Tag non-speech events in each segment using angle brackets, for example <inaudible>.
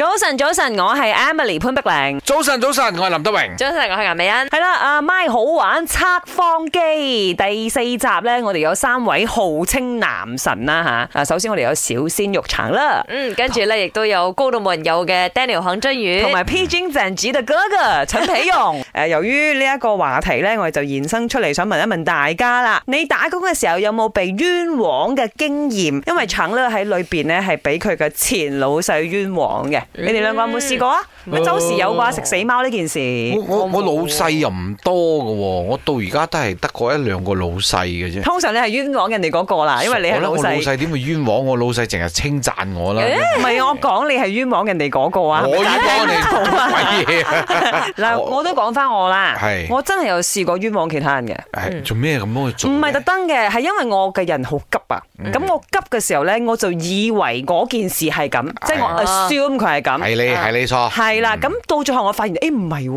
早晨，早晨，我係 Emily 潘碧玲。早晨，早晨，我係林德榮。早晨，我係顏美恩。係啦，阿 My 好玩測謊機第四集咧，我哋有三位號稱男神啦吓、啊。啊，首先我哋有小鮮肉橙啦，嗯，跟住咧亦都有高到冇友嘅 Daniel 肯俊宇，同埋披荊斬棘的哥哥陳培勇。 <laughs> 誒，由於呢一個話題咧，我哋就延伸出嚟，想問一問大家啦。你打工嘅時候有冇被冤枉嘅經驗？因為橙咧喺裏邊咧係俾佢嘅前老細冤枉嘅。你哋兩個有冇試過啊？周時有話食死貓呢件事，我我我老細又唔多喎。我到而家都係得嗰一兩個老細嘅啫。通常你係冤枉人哋嗰個啦，因為你係老細。我老細點會冤枉我老細？淨係稱讚我啦。唔係我講你係冤枉人哋嗰個啊。我冤枉你做鬼嘢嗱，我都講翻我啦。我真係有試過冤枉其他人嘅。做咩咁樣去做？唔係特登嘅，係因為我嘅人好急啊。咁我急嘅時候咧，我就以為嗰件事係咁，即係我 assume 佢係咁。係你係你錯。係啦，咁到最後我發現，誒唔係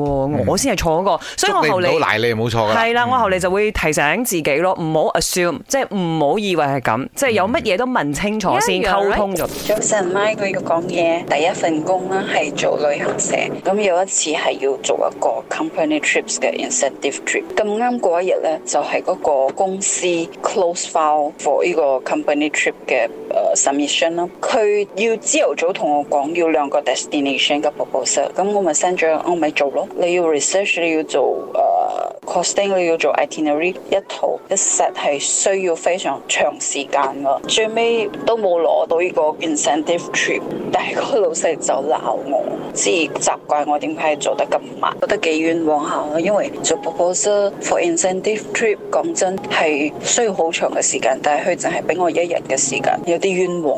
我先係錯嗰個，嗯、所以我後嚟賴你冇錯㗎。係啦，我後嚟就會提醒自己咯，唔好 assume，即係唔好以為係咁，嗯、即係有乜嘢都問清楚、嗯、先溝通咗。Yeah, yeah. 早晨，Mike，佢要講嘢，第一份工啦係做旅行社，咁有一次係要做一個 company trips 嘅 incentive trip，咁啱嗰一日咧就係、是、嗰個公司 close file for 依個 company trip 嘅誒 submission 啦，佢要朝頭早同我講要兩個 destination 嘅報告。咁我咪 send 咗，我咪做咯。你要 research，你要做、uh, costing，你要做 itinerary，一套一 set 係需要非常長時間噶。最尾都冇攞到呢個 incentive trip，但係個老細就鬧我，之習慣我點解做得咁慢，覺得幾冤枉下，因為做 proposal for incentive trip 講真係需要好長嘅時間，但係佢淨係俾我一日嘅時間，有啲冤枉。